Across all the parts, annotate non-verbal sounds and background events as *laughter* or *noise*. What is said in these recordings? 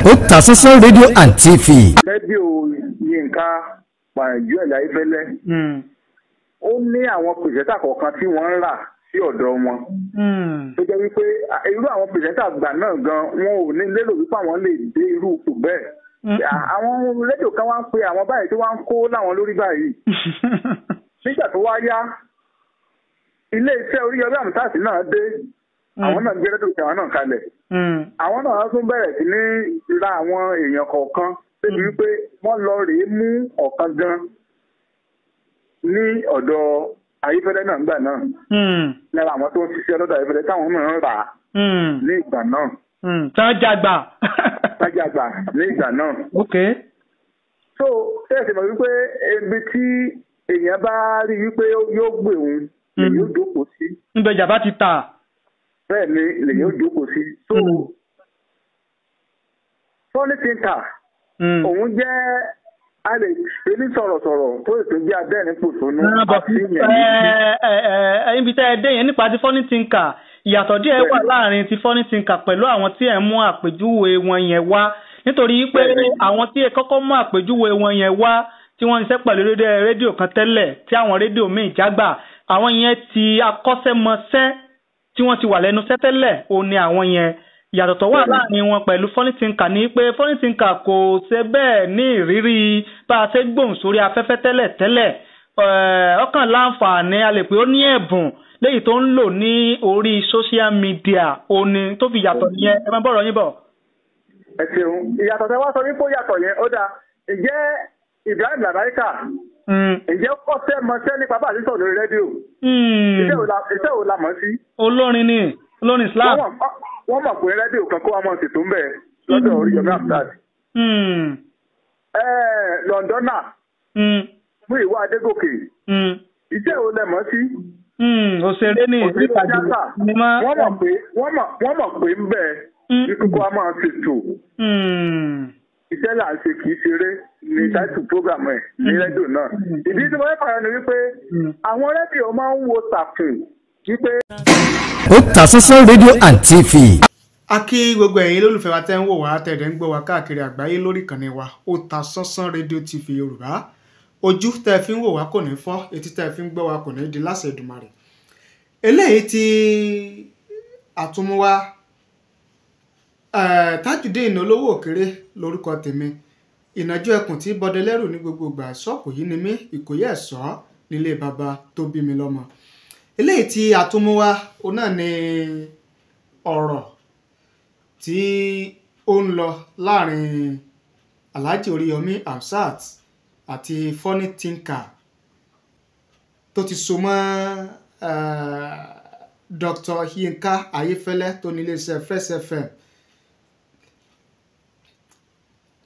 Otasansan rédíò and TV. rédíò Yínká pàrọ̀jù ẹ̀dá ìfẹ́lẹ́ hmm. ó ní àwọn pìrìsẹ́tà kọ̀ọ̀kan tí wọ́n ń rà sí ọ̀dọ̀ wọn. Hmm. tó jẹ́ wípé irú àwọn pìrìsẹ́tà gbà náà gan wọn ò ní lérò wípé àwọn lè dé irú ipò bẹ́ẹ̀ hmm. àwọn rédíò kan wá ń pe àwọn báyìí tó wá ń kó láwọn lórí báyìí *laughs* nígbà tó wá yá ilé iṣẹ́ orí ọbẹ̀ àmì Mm. àwọn náà gbé rédíò àwọn náà kalẹ̀ mm. àwọn náà tún bẹ̀rẹ̀ sí ní ra àwọn èèyàn kọ̀ọ̀kan débi mm. wípé wọ́n lọ rèé mú ọ̀kan gan ní ọ̀dọ̀ ayífẹ́lẹ́ náà nígbà náà lára àwọn tó ń ṣiṣẹ́ lọ́dọ̀ ayífẹ́lẹ́ táwọn mìíràn rà á ní ìgbà náà. tájàgbà. tájàgbà ní ìgbà náà. ok. so ṣé ẹ ti mọ̀ wípé ebi tí èèyàn bá rí wípé yóò gbé òun èyí ó dókòó sí. níbẹ̀ jàmbá ti ta bẹ́ẹ̀ ni lèyìn ó mm. jókòó sí. so tọ́lí mm. tíńtà mm. òun jẹ́ a lè ṣe ní sọ̀rọ̀sọ̀rọ̀ tó ètò bí abẹ́rin kò sónú àti ìyẹn. Eh, eh, eh, ibi tá ẹ dé yẹn nípa ti fọ́nì tíńkà ìyàtọ̀ díẹ̀ wà láàrin ti fọ́nì tíńkà pẹ̀lú àwọn tí ẹ̀ mú àpèjúwe wọn yẹn wá nítorí pé àwọn tí ẹ kọ́kọ́ mú àpèjúwe wọn yẹn wá tí wọ́n ń ṣiṣẹ́ pẹ̀lú rédíò kan tẹ́lẹ̀ tí àwọn rédíò míì jágbà àwọn yẹn ti akọ́ṣẹ́mọṣẹ́ tí wọ́n ti wà lẹ́nu sẹ́tẹ́lẹ̀ òun ni àwọn yẹn yàtọ̀ tó wà láàrin wọn pẹ̀lú fọ́nìtìǹkà ní pé fọ́nìtìǹkà kò ṣe bẹ́ẹ̀ ní ìrírí bá a ṣe gbóhùn sórí afẹ́fẹ́ tẹ́lẹ̀ tẹ́lẹ̀ ọkàn láǹfààní a pé ó ní ẹ̀bùn léyìí tó ń lò ní orí social media oni tó fi yàtọ̀ yẹn ẹ máa bọ̀rọ̀ yín bọ̀. ẹ ṣeun ìyàtọ̀ tẹ wá sọ ní kó yàtọ̀ yẹn ó dáa ǹjẹ́ Ibrahim Labaika Hmm. ǹjẹ́ ó kọ́ṣẹ́ mọṣẹ́ nípa bá àti sọ̀rọ̀ rédíò. Hmm. iṣẹ́ wo la mọ̀ sí. olórin ni olórin Islam. wọ́n mọ̀ pé rédíò kan kó wa mọ̀ ṣètò ń bẹ̀ lọ́dọ̀ orí hmm. yomi afdal. lọ́ndọ́nà mú ìwà Adégòkè. iṣẹ́ wo lẹ mọ̀ sí. òṣèré ni ìpàdé ni wọ́n mọ̀ pé ń bẹ̀ kíkó wa mọ̀ iṣẹ́ là ń ṣe kì í ṣeré ní hmm. title program ẹ̀ ní hmm. rédíò náà hmm. ìdí tí mo fẹ́ fara ni wípé àwọn rédíò máa ń wo tàkùn wípé. Otasansan rédíò and TV. a kí gbogbo ẹ̀yin lólùfẹ́ wa tẹ́ ń wò wá tẹ̀lé ń gbọ́ wá káàkiri àgbáyé lórí ìkànnì wa Otasansan rédíò TV Yorùbá ojú tẹ́ fi ń wò wá kò ní fọ́ etí tẹ́ fi ń gbọ́ wá kò ní di láṣẹ Èdùmàrè eléyìí tí àtúmúwá Eh, tajudeen olówó òkèrè lórúkọ tèmi ìnàjú ẹkùn tí bọdẹlẹrù ní gbogbo ìgbà ṣọ́ọ̀pù yìí ni mí ìkòyí ẹ̀ṣọ́ nílé baba tó bí mi lọ́mọ eléyìí tí a tún mú wá òun náà ni ọ̀rọ̀ tí ó ń lọ láàrin Alhaji Oríyọmí Hamzat àti Funny Thinker tó ti so mọ́ eh, Dr. Yinka Ayefẹ́lẹ́ tó ní iléeṣẹ́ Fresh FM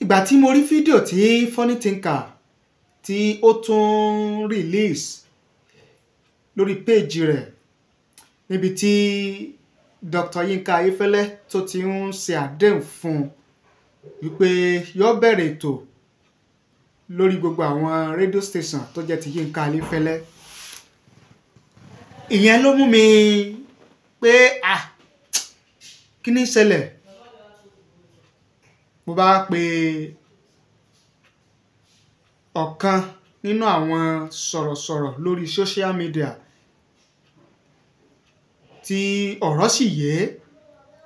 ìgbà tí mo rí fídíò tí Funny Thinker tí ó tún release lórí péèjì rẹ̀ níbi tí Dr. Yinka Ayéfẹ́lẹ́ tó ti ń ṣe àdéhùn fún un wípé yóò bẹ̀rẹ̀ ètò lórí gbogbo àwọn rédíò station tó jẹ́ ti Yinka Ayéfẹ́lẹ́ ìyẹn ló mú mi pé ah kí ni ṣẹlẹ̀ mo bá pe ọ̀kan nínú àwọn sọ̀rọ̀sọ̀rọ̀ lórí social media tí ọ̀rọ̀ sì yé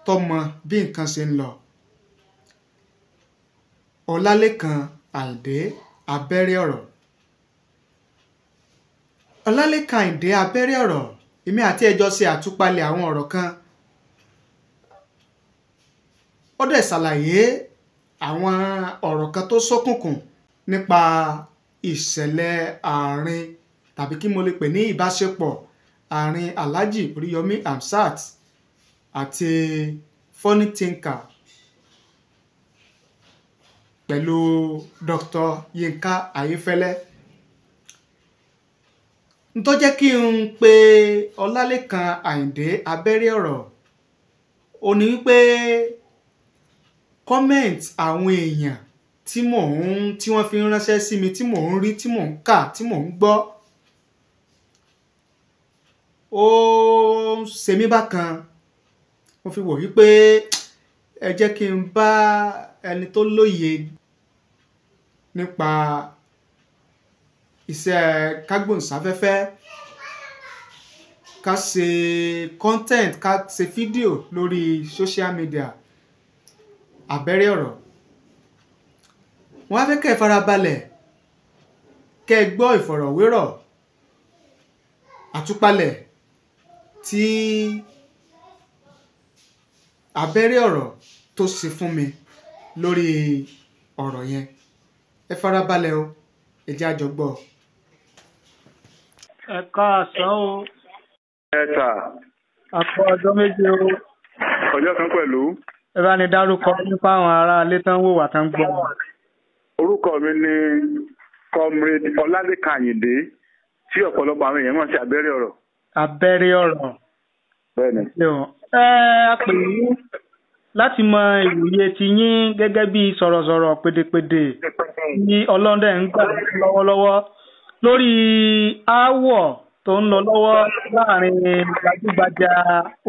tọmọ bí nǹkan ṣe ń lọ ọlálẹ́kan àìdé abẹ́rẹ́ ọ̀rọ̀ ọlálẹ́kan àìdé abẹ́rẹ́ ọ̀rọ̀ èmi àti ẹjọ́ ṣe àtúpalẹ̀ àwọn ọ̀rọ̀ kan ó dẹ̀ ṣàlàyé àwọn ọ̀rọ̀ kan tó ṣókùnkùn nípa ìṣẹ̀lẹ̀ àárín tàbí kí mo lè pè ní ìbáṣepọ̀ àárín Alhaji Oríyọmí Hamzat àti Funny Thinker pẹ̀lú Dr. Yinka Ayefẹ́lẹ́ n tó jẹ́ kí n pe Ọlálékan Àyìndé abẹ́rẹ́ ọ̀rọ̀ ó wípé comment àwọn èèyàn tí mò ń tí wọ́n fi ń ránṣẹ́ sí mi tí mò ń rí tí mò ń kà tí mò ń gbọ́ ó ń ṣe mí bákan mo fi wò wípé ẹ jẹ́ kí n bá ẹni tó lóye nípa iṣẹ́ kágbóhùnsáfẹ́fẹ́ ká ṣe content ká ṣe fídíò lórí social media abẹ́rẹ́ ọ̀rọ̀ wọ́n á fẹ́ kẹ́ ẹ farabalẹ̀ kẹ́ ẹ gbọ́ ìfọ̀rọ̀wérọ̀ àtúpalẹ̀ tí abẹ́rẹ́ ọ̀rọ̀ tó ṣe fún mi lórí ọ̀rọ̀ yẹn ẹ farabalẹ̀ o ẹ jẹ́ àjọ gbọ́. ẹ káàsán o. ẹ tà. àpò ọjọ́ méje o. ọjọ́ kan pẹ̀lú. ẹ bá ní nípa àwọn aráalé tán wò wá tán gbọ́. orúkọ mi ni comrade ọlálẹ́kan àyìndé tí ọ̀pọ̀lọpọ̀ àwọn èèyàn mọ̀ sí abẹ́rẹ́ ọ̀rọ̀. abẹ́rẹ́ ọ̀rọ̀. bẹ́ẹ̀ni. ẹ a pè yín láti mọ yín gẹ́gẹ́ bí sọ̀rọ̀sọ̀rọ̀ ní ọlọ́dẹ ń gbà lọ́wọ́lọ́wọ́ lórí aáwọ̀ tó ń lọ lọ́wọ́ láàrin gbajúgbajà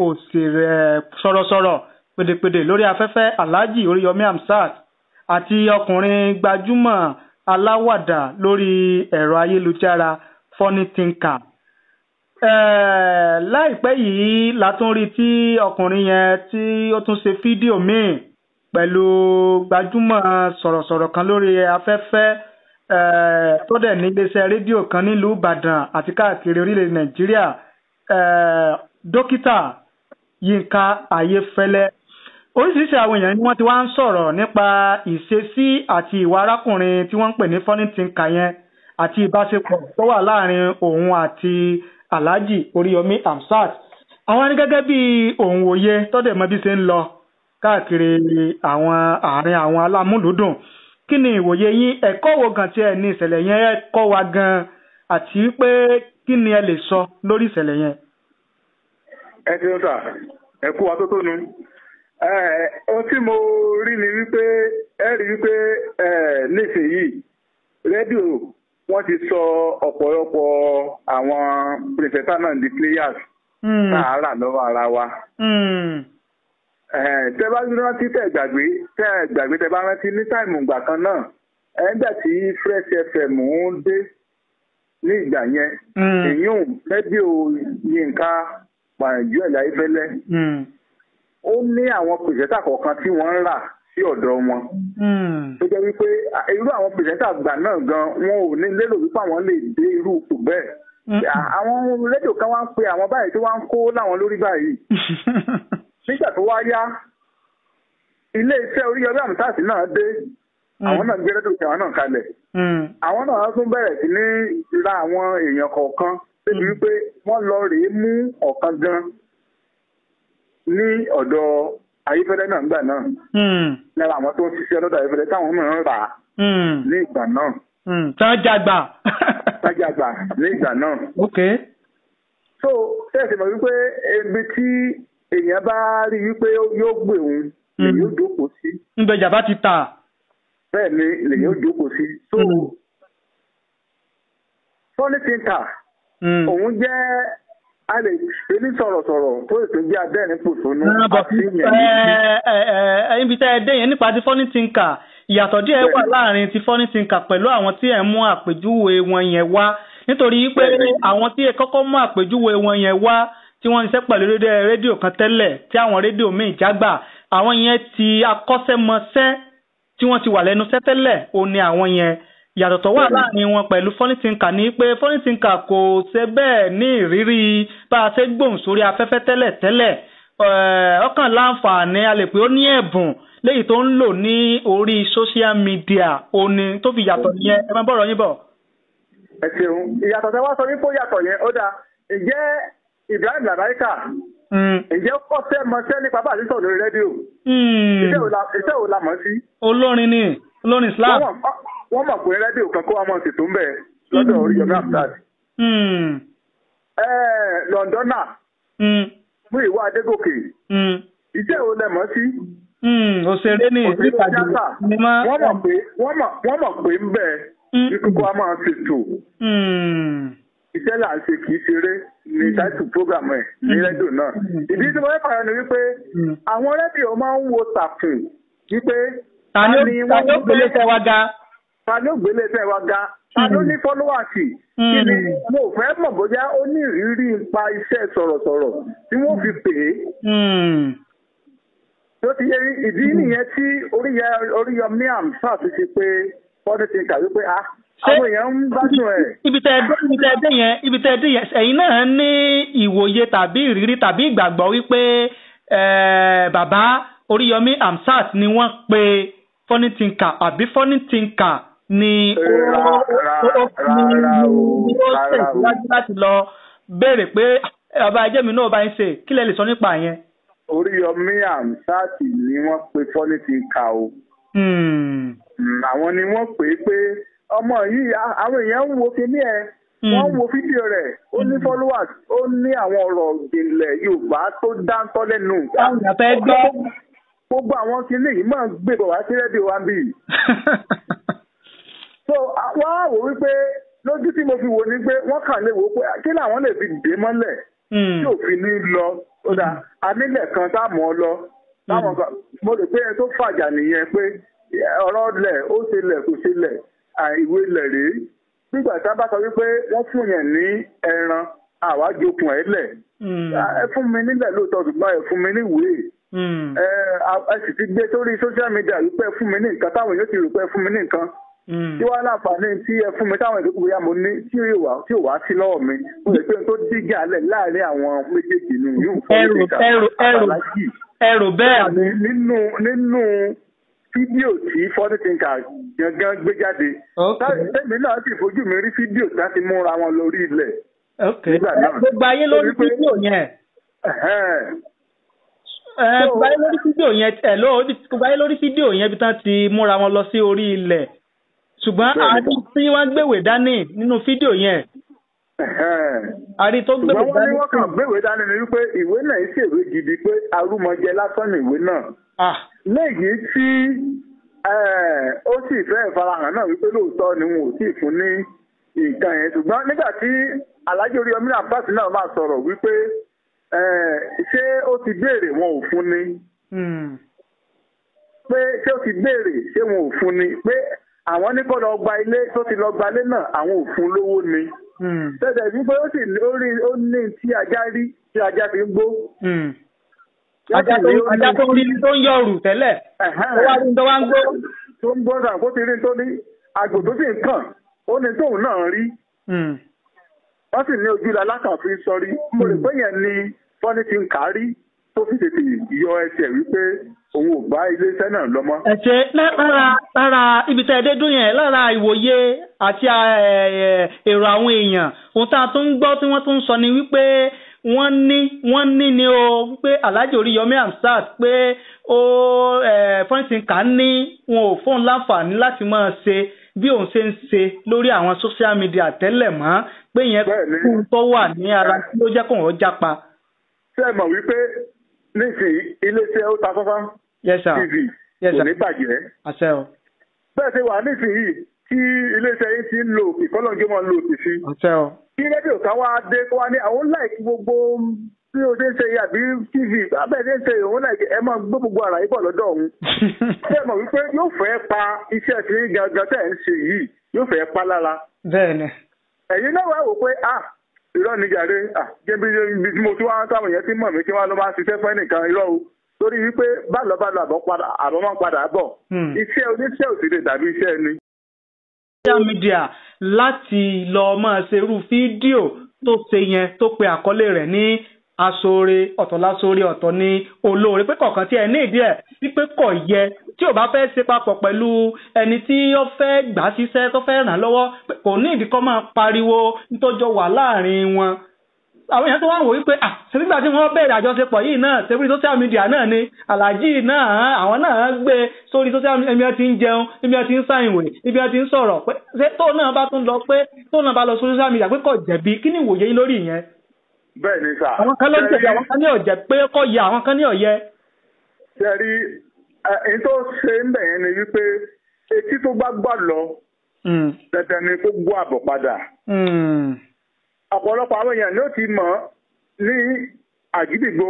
òṣèré pèdèpèdè lórí afẹ́fẹ́ alhaji oríyọmí hamsat àti ọkùnrin gbajúmọ̀ aláwàdà lórí ẹ̀rọ ayélujára funny thinker láìpẹ́ yìí la tún rí tí ọkùnrin yẹn tí ó tún ṣe fídíò míì pẹ̀lú gbajúmọ̀ sọ̀rọ̀sọ̀rọ̀ kan lórí afẹ́fẹ́ tó dẹ̀ níléeṣẹ́ rédíò kan nílùú ìbàdàn àti káàkiri orílẹ̀ nàìjíríà dókítà yínká ayéfẹ́lẹ́ oríṣiríṣi àwọn èèyàn ni wọ́n ti wá ń sọ̀rọ̀ nípa ìṣesí àti ìwà arákùnrin tí wọ́n ń pè ní funny thinker yẹn àti ìbáṣepọ̀ tó wà láàrin òun àti alhaji oríyọmí hamsat àwọn ní gẹ́gẹ́ bí òun òye tọ́dẹ̀ mọ bí ṣe ń lọ káàkiri àwọn àárín àwọn alámúlùúdùn kí ni ìwòye yín ẹ̀kọ́ wo gan tí ẹ ní ìṣẹ̀lẹ̀ yẹn kọ́ wa gan àti pé kí ni ẹ lè sọ lórí ìṣẹ̀lẹ̀ yẹn. ẹ ti ń sà ẹ kú wa tó tó nu Eh, ohun tí mo rí ni wípé ẹ rí wípé eh, nísìnyìí rédíò wọ́n ti sọ ọ̀pọ̀lọpọ̀ àwọn pìrìfẹ́tà náà di players hmm. tààrà lọ́wọ́ ara wa. Hmm. Eh, tẹ bá rántí tẹ gbàgbé tẹ gbàgbé tẹ bá rántí ní táìmù ìgbà kan náà ẹgbẹ́ tí fresh fm ń dé ní ìgbà yẹn hmm. èyí ò rédíò yínká pàjọ́ ẹ̀dá ìfẹ́lẹ́. ó ní àwọn pìrìsẹ́tà kọ̀ọ̀kan tí wọ́n ń rà sí ọ̀dọ̀ wọn. Hmm. tó jẹ́ wípé irú àwọn pìrìsẹ́tà gbà náà gan wọn ò ní lérò wípé àwọn lè dé irú ipò bẹ́ẹ̀. Hmm. àwọn rédíò kan wá ń pe àwọn báyìí tí wọ́n ń kó láwọn lórí báyìí. *laughs* nígbà tó wá yá ilé iṣẹ́ Oríyọmí Àmùtáàsì náà dé hmm. àwọn náà gbé rédíò tiwọn náà kalẹ̀. àwọn náà tún bẹ̀rẹ̀ sí ní ra àwọn èèyàn kọ̀ọ̀kan débi wípé wọ́n lọ rèé mú ọ̀kan gan ní ọ̀dọ̀ ayífẹ́lẹ́ náà nígbà náà hmm. lára àwọn tó ń ṣiṣẹ́ lọ́dọ̀ ayífẹ́lẹ́ táwọn mìíràn rà á hmm. ní ìgbà náà. Hmm. tájàgbà. tájàgbà ní ìgbà náà. ok. so tẹ́sí mọ̀ wípé ibi tí èèyàn bá rí wípé yóò gbé òun lèyìn yóò jókòó sí. ńbẹ jàmbá ti tà. bẹ́ẹ̀ ni lèyìn yóò jókòó sí. so fọ́nì tí ń tà. òun jẹ́ a lè ilé sọ̀rọ̀sọ̀rọ̀ tó ètò jẹ́ abẹ́rin pòṣónú àti ìyẹn. ibi tẹ́ ẹ dé yẹn nípa ti fọ́nì tìǹkà ìyàtọ̀ díẹ̀ wà láàrin ti fọ́nì tìǹkà pẹ̀lú àwọn tí ẹ̀ mú àpèjúwe wọn yẹn wá nítorí pé àwọn tí ẹ kọ́kọ́ mú àpèjúwe wọn yẹn wá tí wọ́n ń ṣiṣẹ́ pẹ̀lú rédíò kan tẹ́lẹ̀ tí àwọn rédíò míì jágbà àwọn yẹn ti akọ́ṣẹ́mọṣẹ́ tí wọ́n ti wà lẹ́nu sẹ́tẹ́lẹ̀ òun ni àwọn yẹn yàtọ̀ tó wà láàrin wọn pẹ̀lú foreign thinker ni pé foreign thinker kò ṣe bẹ́ẹ̀ ní ìrírí bá a ṣe gbóhùn sórí afẹ́fẹ́ tẹ́lẹ̀ tẹ́lẹ̀ ọkàn láǹfààní a lè pé ó ní ẹ̀bùn léyìí tó ń lò ní orí social media òní tó fi yàtọ̀ yẹn ẹ máa bọ̀rọ̀ yín bọ̀. ẹ ṣeun ìyàtọ̀ tẹ wá sọ wípé ó yàtọ̀ yẹn ó dáa ǹjẹ́ Ibrahim Labaika hmm. ǹjẹ́ ó fẹ́ mọṣẹ́ nípa bá a ṣe sọ̀rọ̀ lórí rédíò hmm. iṣẹ́ wo mọ̀ sí. olórin ni olórin Islam wọ́n mọ̀ pé rẹ́díò kan kó wa mọ̀ sí tó ń bẹ̀ lọ́dọ̀ oríyọmí amtad. lọ́ndọ́nà mú ìwà adégòkè hmm. iṣẹ́ wo lẹ mọ̀ sí. Hmm, òṣèré ní ìpàdé ni máa. wọ́n mọ̀ pé wọ́n mọ̀ pé ń bẹ̀ kíkókó hmm. wa máa ṣètò. iṣẹ́ là ń ṣe kì í ṣeré ní táìtù prógrámù ẹ̀ ní rẹ́díò náà. ìdí tí mo fẹ́ fara ni wípé àwọn rẹ́díò máa ń wo tàkùn wípé. ta ó gbélé sẹ́wá ga ta ló gbélé tẹ́ wa ga ta ló ní hmm. fọ́lọ́wàsì kí ni hmm. mo fẹ́ mọ̀ bóyá ó ní ìrírí ipa iṣẹ́ sọ̀rọ̀sọ̀rọ̀ tí wọ́n fi pè é tó hmm. ti yẹ ìdí nìyẹn tí oríyọmí àmsà ti ṣe pé fọ́nì ti kà wípé a ah, àwọn èèyàn ń gbádùn ẹ̀. ibi tẹ ẹ dé yẹn ibi tẹ ẹ dé yẹn ẹ̀yin náà ní ìwòye tàbí ìrírí tàbí ìgbàgbọ́ wípé bàbá oríyọmí amsat ni wọ́n pe fọ́nì tìǹkà àbí fọ́nì ni ó ní ó tẹ̀síwájú láti lọ béèrè pé bàbá ẹjẹ́ mi náà bá ń ṣe kí lẹ lè sọ nípa yẹn. Oríyọmí Hamsat ni wọ́n pe fọ́nìtì ka o. Hmm. Hmm, àwọn ni wọ́n pè é pé ọmọ yìí àwọn èèyàn ń wo kíní ẹ hmm. wọ́n ń wo fídíò rẹ̀ ó ní followers ó ní àwọn ọ̀rọ̀ ìjìnlẹ̀ Yorùbá tó dáńtọ́ lẹ́nu. báwọn àfẹ́ gbọ́. gbogbo àwọn kíní yìí máa ń gbé bọ̀ wá sí rédíò wa bíi. *laughs* so wá wò wípé lójú tí mo fi wò ni pé wọ́n kàn lè wò pé kí làwọn lè fi dè mọ́lẹ̀ hmm. tí òfin ní lọ ó dà anílẹ̀ kan táàmù ọ lọ hmm. táwọn kan mo rò pé ẹni tó fàjà nìyẹn pé ọ̀rọ̀ lẹ̀ ó ṣe lẹ̀ kò ṣe lẹ̀ àìwé lẹ̀ rèé nígbà tá a bá sọ wípé wọ́n fún yẹn ní ẹran àwa jokun ẹ̀ lẹ̀ hmm. ẹ fún mi nílẹ̀ lóòótọ́ ṣùgbọ́n ẹ fún mi níwèé ẹ sì ti gbé sórí social media wípé ẹ fún mi ní nǹkan táwọn yóò ti rò pé ẹ fún mi ní nǹkan tí mm. wàá láǹfààní tí ẹ fún mi táwọn ìdókòwò ya mo ní tí ò wá tí ò wá sí lọ́wọ́ mi mo lè pé n tó dígí alẹ̀ láàrin àwọn méjèèjì nù yóò fún mi níta àbàlájì ẹrù bẹ́ẹ̀ nínú nínú fídíò tí fọ́nì tìǹkà gangan gbé jáde tẹ́mi náà sì fojú mi rí fídíò tí wọ́n ti múra wọn lórí ilẹ̀ nígbà náà gbogbo ayé lórí fídíò yẹn gbogbo ayé lórí fídíò yẹn gbogbo ayé lórí fídíò yẹn bí tán ti múra wọn lọ sí orí ilẹ̀ ṣùgbọ́n àárín tí wọ́n gbèwé dání nínú fídíò yẹn. àárín tó gbèwé dání. ṣùgbọ́n wọ́n ní wọ́n kàn gbèwé dání ni wípé ìwé náà ṣèwé gidi pé arúmọjẹ lásán ni ìwé náà. léyìí tí ó sì fẹ́ farahàn náà wípé lóòótọ́ ni wọn ò sì fún ní nǹkan yẹn ṣùgbọ́n nígbà tí Alhaji Oríyọmí Abbas náà máa sọ̀rọ̀ wípé ṣé ó ti béèrè wọn ò fún ni hmm. pé ṣé ó ti béèrè ṣé wọn ò fún ni pé àwọn ní kó lọ gba ilé tó ti lọ gba ilé náà àwọn ò fún lówó ni. Hmm. tẹ̀sẹ̀ sí pé ó sì lórí ó ní tí ajá rí tí ajá fi ń gbó. Hmm. ajá tó rí tó ń yọrù tẹ́lẹ̀ ó wá rí tó wá ń gbó. tó ń gbó náà kó ti rí tó ní àgbò tó sì ń kàn ó ní tóun náà rí. Hmm. wọ́n sì ní ojú la lákàfin sọrí mo rò pé yẹn ni fọ́nì ti ń kárí tó sì tètè yọ ẹsẹ̀ wípé òun ò bá iléeṣẹ́ náà lọ mọ́. ẹ ṣe lára lára ibi tá ẹ dé dún yẹn lára ìwòye àti èrò àwọn èèyàn ohun tá a tún ń gbọ́ tí wọ́n tún ń sọ ni wípé wọ́n ní wọ́n ní ni o wípé Alhaji Oríyọmí Hamzat pé ó fọ́nìtìǹkà ní wọn ò fóun láǹfààní láti máa ṣe bí òun ṣe ń ṣe lórí àwọn social media tẹ́lẹ̀ mọ́ pé yẹn kú tó wà ní ara tí ó jẹ́ kóun ó jápa. ṣé ẹ mọ̀ wípé Nisi, iléeṣẹ́ ó ta fọ́nfọ́n tv kò ní bàjẹ́ bẹ́ẹ̀ ṣe wà nísìnyí tí iléeṣẹ́ yìí ti ń lo òkè kọ́lọ́njẹ́ mọ́ ń lo òkè o. kí rédíò kan wá dé kó wá ní àwọn láìkí gbogbo bí o ṣe ń ṣe àbí tv abẹ́ ṣe ń ṣe òun náà ẹ máa gbé gbogbo àlàyé bọ̀ lọ́dọ̀ òun *laughs* ṣé ẹ mọ̀ wípé yóò fẹ́ pa iṣẹ́ tí gangan tẹ̀ ń ṣe yìí yóò fẹ́ pa lára ẹ̀yin náà wá wò pé ah irọ́ ni jàre ah, jẹ́bi ibi tí mo ti wá táwọn yẹn ti mọ̀ mí kí wọ́n lọ máa ṣiṣẹ́ fún ẹnìkan irọ́ o torí wípé bálọ̀ bálọ̀ àbọ̀ máa ń padà bọ̀ hmm. iṣẹ́ oníṣẹ́ òsì lè dàbí iṣẹ́ ẹni. social media láti lọ máa ṣerú fídíò tó ṣe yẹn tó pe àkọlé rẹ̀ ní aṣoore ọ̀tọ̀ láṣoore ọ̀tọ̀ ní olóore pé kọ̀ọ̀kan tí ẹ ní ìdí ẹ̀ wípé kọ̀ yẹ tí ò bá fẹ́ ṣe papọ̀ pẹ̀lú ẹni tí ó fẹ́ gbà síṣẹ́ tó fẹ́ ràn lọ́wọ́ kò ní ìdí kọ́ máa pariwo nítòjọ wà láàrin wọn àwọn èèyàn tó wá ń wò wípé ah ṣe nígbà tí wọ́n bẹ̀rẹ̀ àjọṣepọ̀ yìí náà ṣe orí social media náà ni aláàjì náà àwọn náà gbé sórí social media ẹ̀mí ẹ ti ń jẹun ẹ̀mí ẹ ti ń sáìwé ẹ̀mí ẹ ti ń sọ̀rọ̀ pé ṣé tóun náà bá tún lọ pé tóun náà bá lọ sórí social media pé kò jẹ̀bi kí ni ìwòye yín lórí ìyẹn bẹ́ẹ̀ ni sà. àwọn kan ló ń àwọn kan ní ọ̀jẹ̀ pé kọ́ ya àwọn kan ní ọ̀yẹ. sẹ́rí ẹni tó ṣe ń bẹ̀ yẹn ni wípé etí tó bá gbà lọ hmm. dandan ni kó gbọ́ àbọ̀ padà. Hmm. ọ̀pọ̀lọpọ̀ àwọn èèyàn ló ti mọ̀ ní àgídìgbò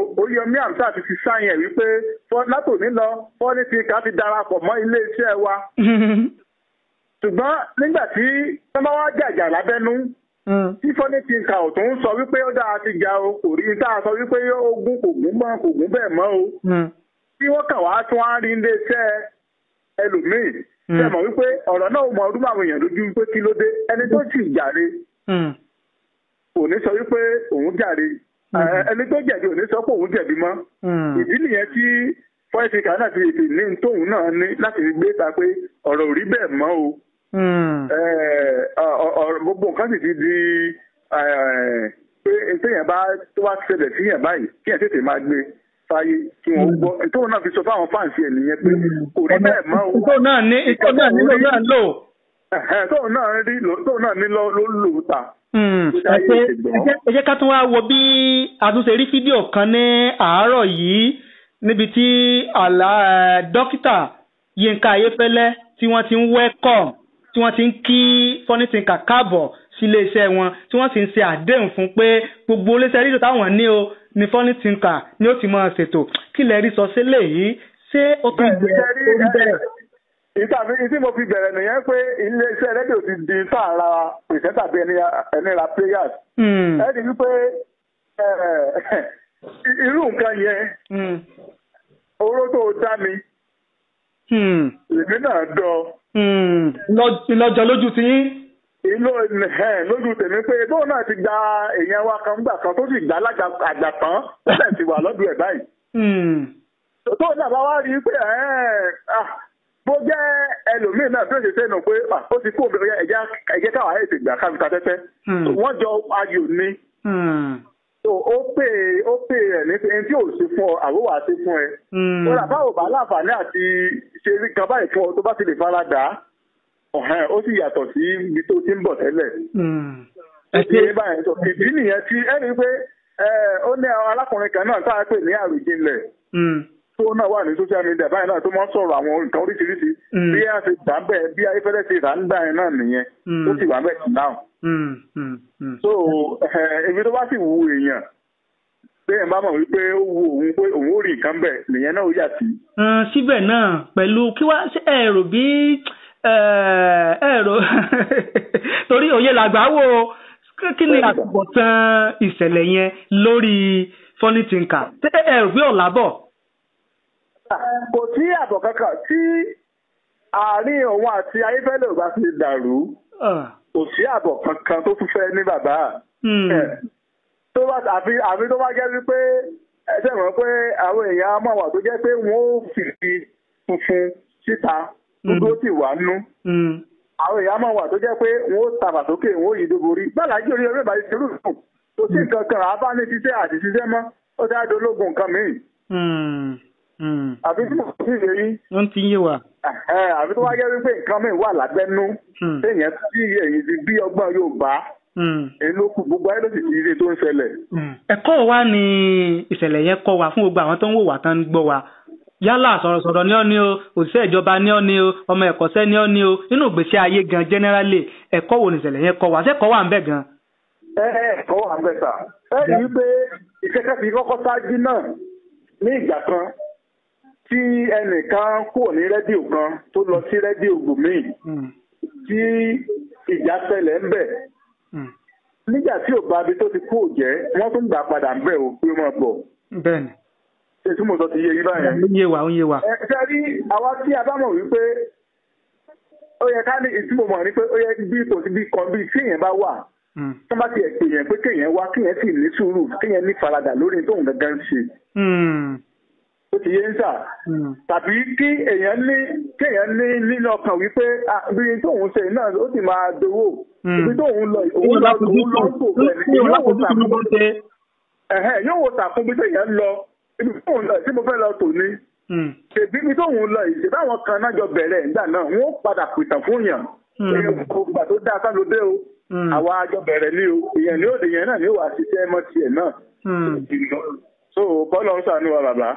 ti fi sáyẹn wípé fọ́nì ká darapọ̀ mọ́ Mm. fífọ́nì ti ń ka òtún sọ wípé ó dáa ti jà o kò rí tá a sọ wípé ogun kò gún o bí mm. wọ́n kàn wá tún á rí ilé iṣẹ́ ẹlòmíì mm. ṣe wípé ọrọ náà mọ ọdún àwọn èèyàn lójú wípé kí ló dé ẹni tó sì jàre ní sọ wípé òun jàre ẹni tó jẹ̀bi ò ní sọ pé òun jẹ̀bi mọ́ ìdí nìyẹn tí náà ti tóun náà ní láti gbé ta pé Hmm. Eh, ah, gbogbo nǹkan sì ti di eh, pé téèyàn bá tó bá ṣẹlẹ̀ síyàn báyìí kíyàn tètè máa gbé fàyè kí wọ́n hmm. gbọ́ ìtòun náà fi sọ fáwọn fáǹsì ẹ̀ nìyẹn pé hmm. kò rí bẹ́ẹ̀ mọ́ o. ìtòun náà ní ìtòun náà nílò náà lò. tóun náà rí tóun náà ní ló lò ta. ẹ jẹ́ ká tún wá wo bí àtúnṣe rí fídíò kan ní àárọ̀ yìí níbi tí eh, dókítà Yínká Ayéfẹ́lẹ́ tí wọ́n ti ń wẹ́kọ̀ọ́ tí wọ́n ti ń kí fọ́nìtìǹkà káàbọ̀ sí iléeṣẹ́ wọn tí wọ́n sì ń ṣe àdéhùn fún pé gbogbo iléeṣẹ́ rédíò táwọn ní o ní fọ́nìtìǹkà ni ó ti máa ṣètò kí lè rí sọ sí léyìí ṣé ó tún gbé orí bẹ́ẹ̀. ìtàbí tí mo fi bẹ̀rẹ̀ nìyẹn pé iléeṣẹ́ rédíò ti di sáàra pìrìsẹ́ńtà bí ẹni ra players. Hmm. ẹni wípé irú nǹkan yẹn hmm. oró tó dá mi lèmi hmm. náà dọ̀ ìlọjọ hmm. lójú ti yín. ìlò lójú tèmi pé bóun náà ti gba èèyàn wa kan gbà kan tó sì gbà alága àgbà tán ó sì ti wà lọ́dún ẹ̀ báyìí. Hmm. tóun náà bá wá rí i pé ah, bó jẹ́ ẹlòmíì náà tó ṣe sẹ́nu pé ah, ó ti kú obìnrin ẹ̀jẹ̀ káwa ẹ̀ ti gbà kábi ta tẹ́tẹ́ hmm. wọ́n jọ ayò ni. ó pè ó pè ní ẹni tí ò ṣe fún ọ àbúwà ṣe fún ẹ. Hmm. ó rà báwo bá láǹfààní àti ṣe rí kan báyìí fún ọ tó bá ti lè fara dà á ó sì yàtọ̀ sí ibi tó ti ń bọ̀ tẹ́lẹ̀. Hmm. ìdí nìyẹn tí ẹni pé ó ní alákùnrin kan náà tá a pè ní àròjinlẹ̀ hmm. tó náà wà ní social media báyìí náà tó mọ́ sọ̀rọ̀ àwọn nǹkan oríṣiríṣi bí a bẹ́ẹ̀ bí rà Hmm, hmm, hmm. so eh, ibi tó bá sì wu èèyàn téèyàn bá mọ̀ wípé ó wu òun pé òun ó rí nǹkan bẹ̀ nìyẹn náà ó yà sí. síbẹ̀ náà pẹ̀lú kí wá ẹ̀rù bí ẹ̀rù *laughs* torí òye làgbà wò kí ni àtúbọ̀tán ìṣẹ̀lẹ̀ yẹn lórí funny thinker ẹ̀rù bí ọ̀la bọ̀. kò sí àbọ̀ kankan tí àárín òun àti ayéfẹ́lẹ́ ò bá ti dàrú. Ah. òsì àbọ̀ kankan tó tún fẹ́ ní bàbá hmm. tó bá àfi àfi tó bá jẹ́ wípé ẹsẹ̀ mọ̀ pé àwọn èèyàn máa wà tó jẹ́ pé wọ́n ó fìdí funfun síta dúdú hmm. ó sì wà nú hmm. àwọn èèyàn máa wà tó jẹ́ pé wọ́n ó tàbà sókè wọ́n ó yí dogori gbàlájú orí ọ̀rẹ́ ìbàdí ti rúùn kò sí nǹkan kan àbá ní ṣiṣẹ́ àti ṣiṣẹ́ mọ́ ó dáa dológun nǹkan mìíràn. Hmm. àbí tí mo ti yé yín. ló ti yé wa. àbí tó wá jẹ́ wípé nǹkan mi wà lábẹ́nú hmm. téèyàn ti yé èyí ti bí ọgbọ́n Yorùbá èló hmm. gbogbo ayé ló ti yé tó ń ṣẹlẹ̀. ẹ̀kọ́ wa ni ìṣẹ̀lẹ̀ yẹn kọ́ wa fún gbogbo àwọn tó ń wò wá tán ń wa yálà sọ̀rọ̀sọ̀rọ̀ ni ọ́ o òṣìṣẹ́ ìjọba ni ọ́ o ọmọ ẹ̀kọ́ṣẹ́ ni ọ́ o nínú ìgbésí ayé gan generally ẹ̀kọ́ wo nìṣẹ̀lẹ̀ yẹn kọ́ wa ṣé ẹ̀kọ́ wà ń bẹ̀ gan. ẹ ẹ ẹ̀kọ́ wà ń bẹ̀ sà ẹ rí pé ìkẹ́kẹ́ fi kọ́kọ́ ṣáájú náà ní ìgbà kan tí ẹnìkan kúrò ní rédíò kan tó lọ sí rédíò gbòmíì hmm. tí ìjà ṣẹlẹ̀ ń bẹ̀ hmm. nígbà tí ò bá bi tó ti kú òjẹ́ wọ́n tún gbà padà ń bẹ̀ ò pé ó máa bọ̀. bẹ́ẹ̀ni. ṣé tí mo sọ ti yé yín báyẹn. ó yé wa ó yé wa. ẹ ṣe rí àwa tí a bá mọ̀ wípé ó yẹ ká ní ìtumọ̀ mọ̀ ní pé ó yẹ bí kò sí bí kan bí tí bá wà hmm. tó bá tiẹ̀ pè yẹn pé kéèyàn wá kéèyàn sì ní sùúrù kéèyàn ní faradà lórí tóun gangan ṣe. o ti yé ń sà hmm. tàbí kí èèyàn ní kéèyàn ní nínú ọkàn wípé bí tóun ṣe náà ó sì máa dowó hmm. ibi tóun lọ òun lọ òun lọ tò ibi tóun lọ tí mo fẹ́ lọ tò ní hmm. ṣèbí ibi tóun lọ àwọn kan náà jọ bẹ̀rẹ̀ nígbà padà pìtàn fún kò tó sálódé o àwa àjọ bẹ̀rẹ̀